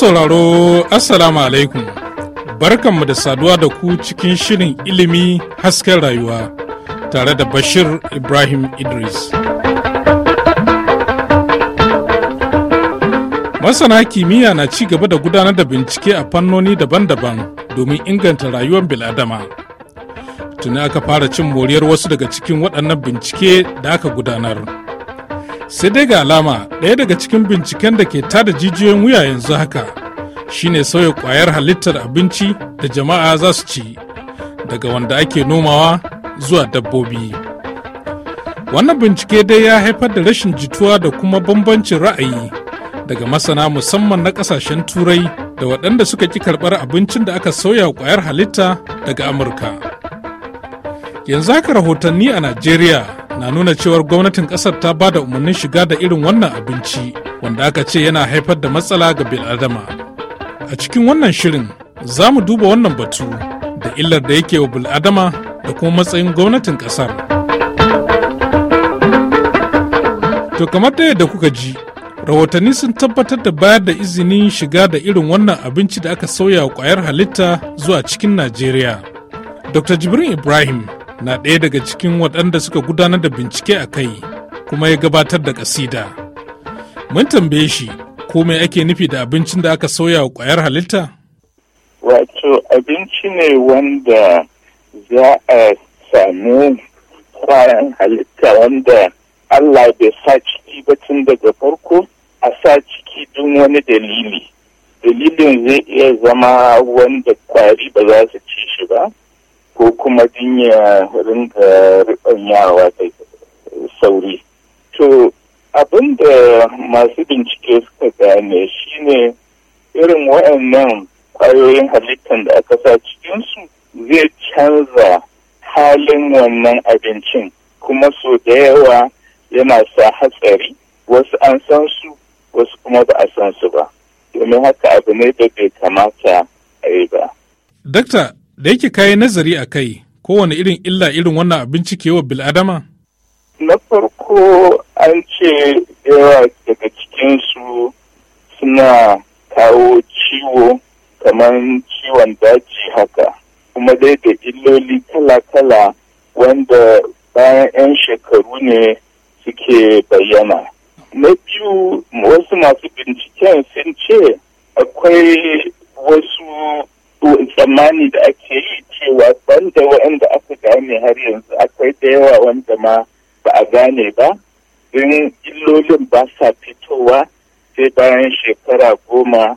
sauraro assalamu alaikum barkanmu da saduwa da ku cikin shirin ilimi hasken rayuwa tare da bashir ibrahim idris masana kimiyya na ci gaba da gudanar da bincike a fannoni daban-daban domin inganta rayuwar biladama tuni aka fara cin moriyar wasu daga cikin waɗannan bincike da aka gudanar sai dai ga alama ɗaya daga cikin binciken da ke tada jijiyoyin wuya yanzu haka shine sauya ƙwayar halittar abinci da jama'a za su ci daga wanda ake nomawa zuwa dabbobi wannan bincike dai ya haifar da rashin jituwa da kuma bambancin ra'ayi daga masana musamman na ƙasashen turai da waɗanda suka ƙi karɓar abincin da aka sauya ƙwayar halitta daga amurka yanzu haka rahotanni a najeriya na nuna cewar gwamnatin kasar ta ba da umarnin shiga da irin wannan abinci wanda aka ce yana haifar da matsala ga bil'adama a cikin wannan shirin za mu duba wannan batu da illar da yake wa bil'adama da kuma matsayin gwamnatin kasar to kamar da yadda kuka ji rahotanni sun tabbatar da bayar da izinin shiga da irin wannan abinci da aka sauya wa kwayar halitta zuwa cikin najeriya dr jibrin ibrahim na ɗaya daga cikin waɗanda suka gudanar da bincike a kai kuma ya gabatar da ƙasida. Mun tambaye shi komai ake nufi da abincin da aka sauya wa ƙwayar halitta? Wato abinci ne wanda za a samu ƙwayar halitta wanda Allah bai sa ciki ba tun daga farko a sa ciki duk wani dalili. Dalilin zai iya zama wanda kwari ba za su ci shi ba. ko kuma jinya rinka yawa da sauri to abin da masu bincike suka gane shine irin waɗannan ƙwayoyin halittar da aka sa cikinsu zai canza halin wannan abincin kuma so da yawa yana sa hatsari wasu an san su wasu kuma ba a san su ba domin haka abu ne da bai kamata a yi ba. Dokta, Da yake kayi nazari a kai kowane irin illa irin wannan abinci ke wa bil'adama? Na farko an ce yawa daga cikinsu suna kawo ciwo kamar ciwon daji haka kuma dai da illoli kala-kala wanda bayan 'yan shekaru ne suke bayyana. gane har yanzu akwai da yawa wanda ma ba a gane ba don illolin ba sa fitowa sai bayan shekara goma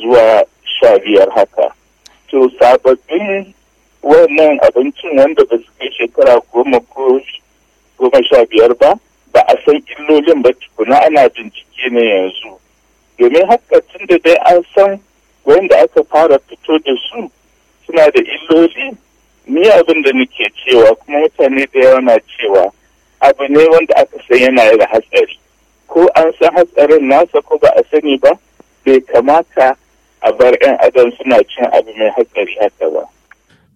zuwa sha biyar haka to sababbin wannan abincin wanda ba su kai shekara goma ko goma sha biyar ba ba a san illolin ba tukuna ana bincike ne yanzu domin haka tun da dai an san wanda aka fara fito da su suna da illoli ni abin da nake cewa kuma mutane da yawa na cewa abu ne wanda aka san yana da hatsari ko an san hatsarin nasa ko ba a sani ba bai kamata a bar 'yan adam suna cin abu mai hatsari haka ba.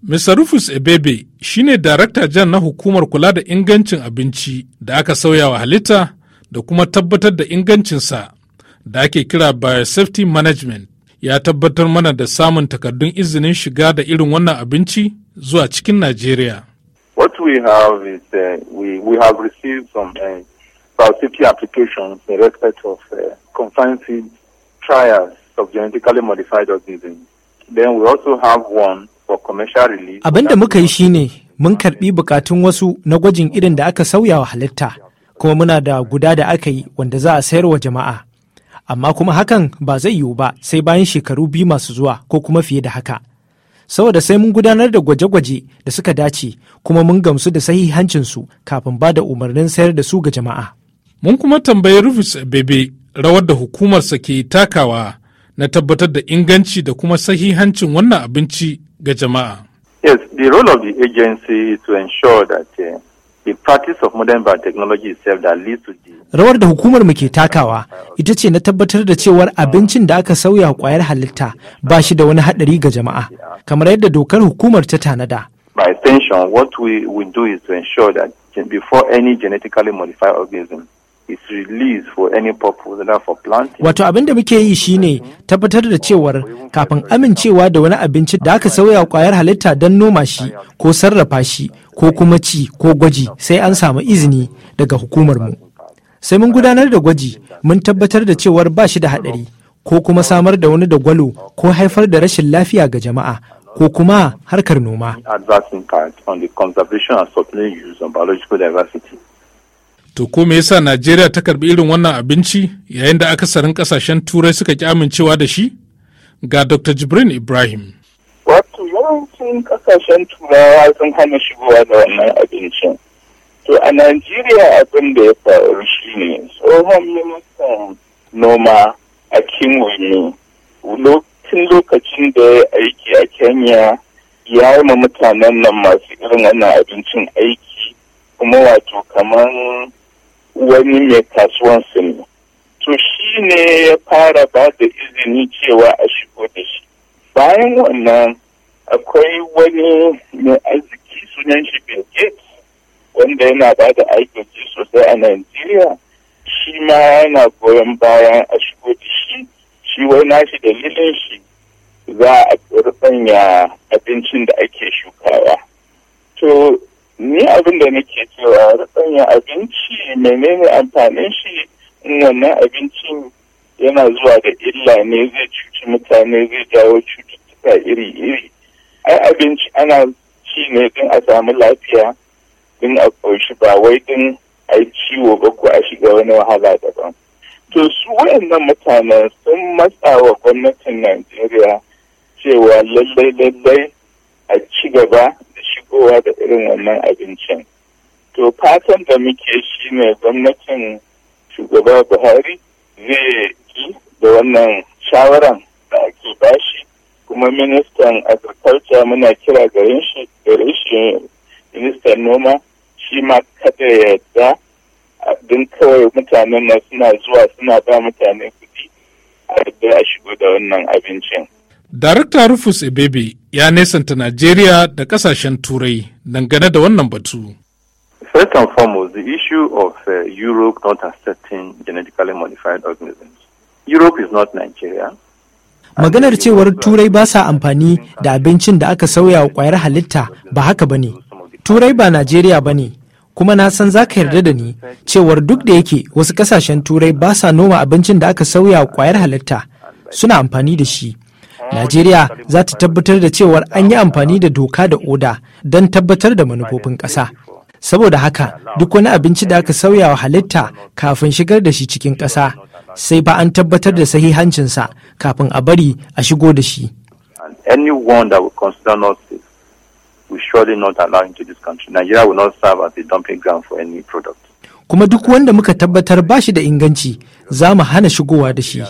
Mr. Rufus Ebebe shine darakta jan na hukumar kula da ingancin abinci da aka sauya wa halitta da kuma tabbatar da ingancinsa da ake kira Biosafety Management. ya tabbatar mana da samun takardun izinin shiga da irin wannan abinci zuwa cikin Najeriya. What we have is uh, we, we have received some uh, biosafety applications in respect of uh, confined trials of genetically modified organisms. Then we also have one for commercial release. Abin da muka yi shine mun karbi bukatun wasu na gwajin irin da aka sauya wa halitta, kuma muna da guda da aka yi wanda za a sayar wa jama'a. amma kuma hakan ba zai yiwu ba sai bayan shekaru biyu masu zuwa ko kuma fiye da haka saboda sai mun gudanar da gwaje-gwaje da suka dace kuma mun gamsu da sahihancinsu kafin ba da umarnin sayar da su ga jama'a. Mun kuma tambayi Rufus Bebe rawar da hukumarsa ke takawa na tabbatar da inganci da kuma sahihancin wannan abinci ga jama'a. Yes, the role of the agency is to ensure that uh, The practice of modern biotechnology itself that leads to the Rawar da hukumar mu ke takawa ita ce na tabbatar da cewar abincin da aka sauya kwayar halitta ba shi da wani haɗari ga jama'a kamar yadda dokar hukumar ta tanada. By extension, what we will do is to ensure that before any genetically modified organism Wato abin da muke yi shine tabbatar da cewar kafin amincewa da wani abinci da aka sauya kwayar halitta don noma shi ko sarrafa shi ko kuma ci ko gwaji sai an samu izini daga hukumar mu. Sai mun gudanar da gwaji mun tabbatar da cewar ba shi da haɗari ko kuma samar da wani da gwalo ko haifar da rashin lafiya ga jama'a ko kuma harkar noma. the diversity. To ko me yasa Najeriya ta karbi irin wannan abinci yayin da akasarin kasashen turai suka ki amincewa da shi? Ga Dr. Jibrin Ibrahim. Wato yawancin kasashen turawa sun hana shigowa da wannan abincin. To a Najeriya abin da ya faru shi ne tsohon ministan noma a Kimwini, lokacin lokacin da ya aiki a Kenya ya yi ma mutanen nan masu irin wannan abincin aiki kuma wato kamar. wani mai kasuwan ne to shi ne ya fara ba da izini cewa a shigo da shi bayan wannan akwai wani mai arziki sunan shi bill gates wanda yana ba da aikoki sosai a Najeriya shi ma yana goyon bayan a shigo da shi shi wai nashi dalilin shi za a rubanya abincin da ake shukawa to ni abin da nake cewa rasanya abinci menene amfanin shi In wannan abincin yana zuwa da illa ne zai cuci mutane zai jawo cututtuka iri-iri ai abinci ana ci ne don a samu lafiya don a ƙoshi ba wai don a ciwo ba ko a shiga wani wahala daban to su wayannan mutanen sun matsa wa gwamnatin najeriya cewa lallai lallai a ci gaba kowa da irin wannan abincin to fatan da muke shi ne gwamnatin shugaba buhari zai ki da wannan shawaran da ake bashi kuma ministan agriculture muna kira garin shi gare shi ministan noma shi ma kada ya yarda don kawai mutanen na suna zuwa suna ba mutane kuɗi a da shigo da wannan abincin. Darakta Rufus Ebebe ya nesanta Najeriya da kasashen Turai dangane da wannan batu. First and foremost, the issue of uh, Europe not accepting genetically modified organisms. Europe is not Nigeria. Maganar cewar Turai ba sa amfani da abincin da aka sauya wa kwayar halitta ba haka ba ne. Turai ba Najeriya ba ne, kuma na san za ka yarda da ni cewar duk da yake wasu kasashen Turai ba sa noma abincin da aka sauya wa kwayar halitta suna amfani da shi. Najeriya za ta tabbatar da cewar an yi amfani da doka da oda don tabbatar da manufofin ƙasa. Saboda haka duk wani abinci da aka sauya wa halitta kafin shigar da shi cikin ƙasa sai ba an tabbatar da sahihancinsa kafin a bari a shigo da shi. Kuma duk wanda muka tabbatar ba shi da inganci za mu hana shigowa da shi.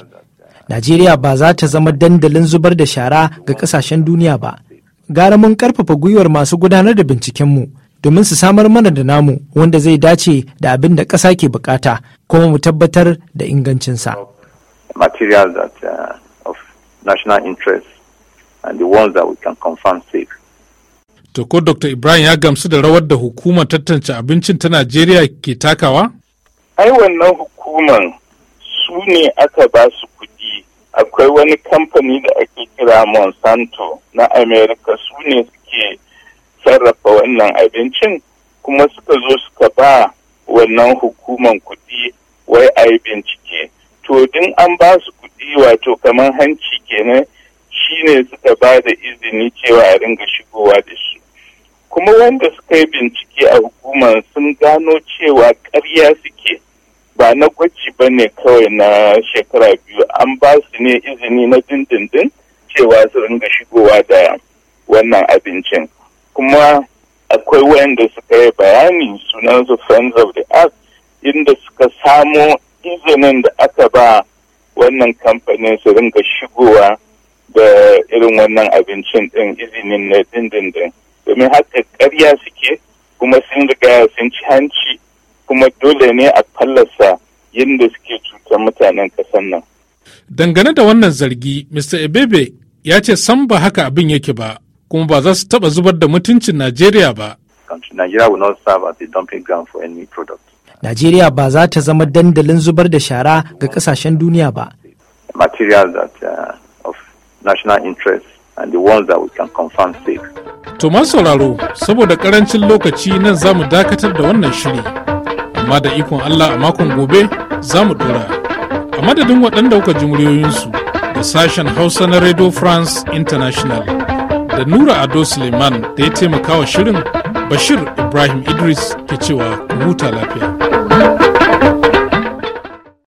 Najeriya ba za ta zama dandalin zubar da shara ga kasashen duniya ba. Gara mun karfafa gwiwar masu gudanar da bincikenmu domin su samar mana da namu wanda zai dace da abin da ƙasa ke bukata kuma mu tabbatar da ingancinsa. Material uh, interest and To ko Dr. Ibrahim ya gamsu da rawar da hukumar tattance abincin ta Najeriya ke takawa? Ai wannan hukumar su ne aka ba su akwai wani kamfani da ake kira monsanto na america su ne suke sarrafa wannan abincin kuma suka zo suka ba wannan hukuman kuɗi wai a yi bincike to din an ba su kuɗi wato kamar hanci kenan shine suka ba da izini cewa a ringa shigowa da shi kuma wanda suka yi bincike a hukumar sun gano cewa ƙarya suke ba na gwaji ba ne kawai na shekara biyu an ba su ne izini na dindindin cewa su ringa shigowa da wannan abincin kuma akwai wayanda suka yi bayani su friends of the earth inda suka samo izinin da aka ba wannan kamfanin su ringa shigowa da irin wannan abincin din izinin na dindindin domin haka karya suke kuma sun riga sun ci hanci kuma dole ne a fallasa yadda suke cutar mutanen ƙasar nan. Dangane da wannan zargi, Mr. Ebebe ya ce san ba haka abin yake ba, kuma ba za su taɓa zubar da mutuncin Najeriya ba. Nigeria will dumping ground product. Najeriya ba za ta zama dandalin zubar da shara ga kasashen duniya ba. Material that uh, national interest and To sauraro, saboda karancin lokaci nan za mu dakatar da wannan shiri. amma da ikon Allah a makon gobe za mu dora. A madadin waɗanda kuka ji muryoyinsu da sashen Hausa na Radio France International da Nura Ado Suleiman da ya taimaka wa shirin Bashir Ibrahim Idris ke cewa lafiya.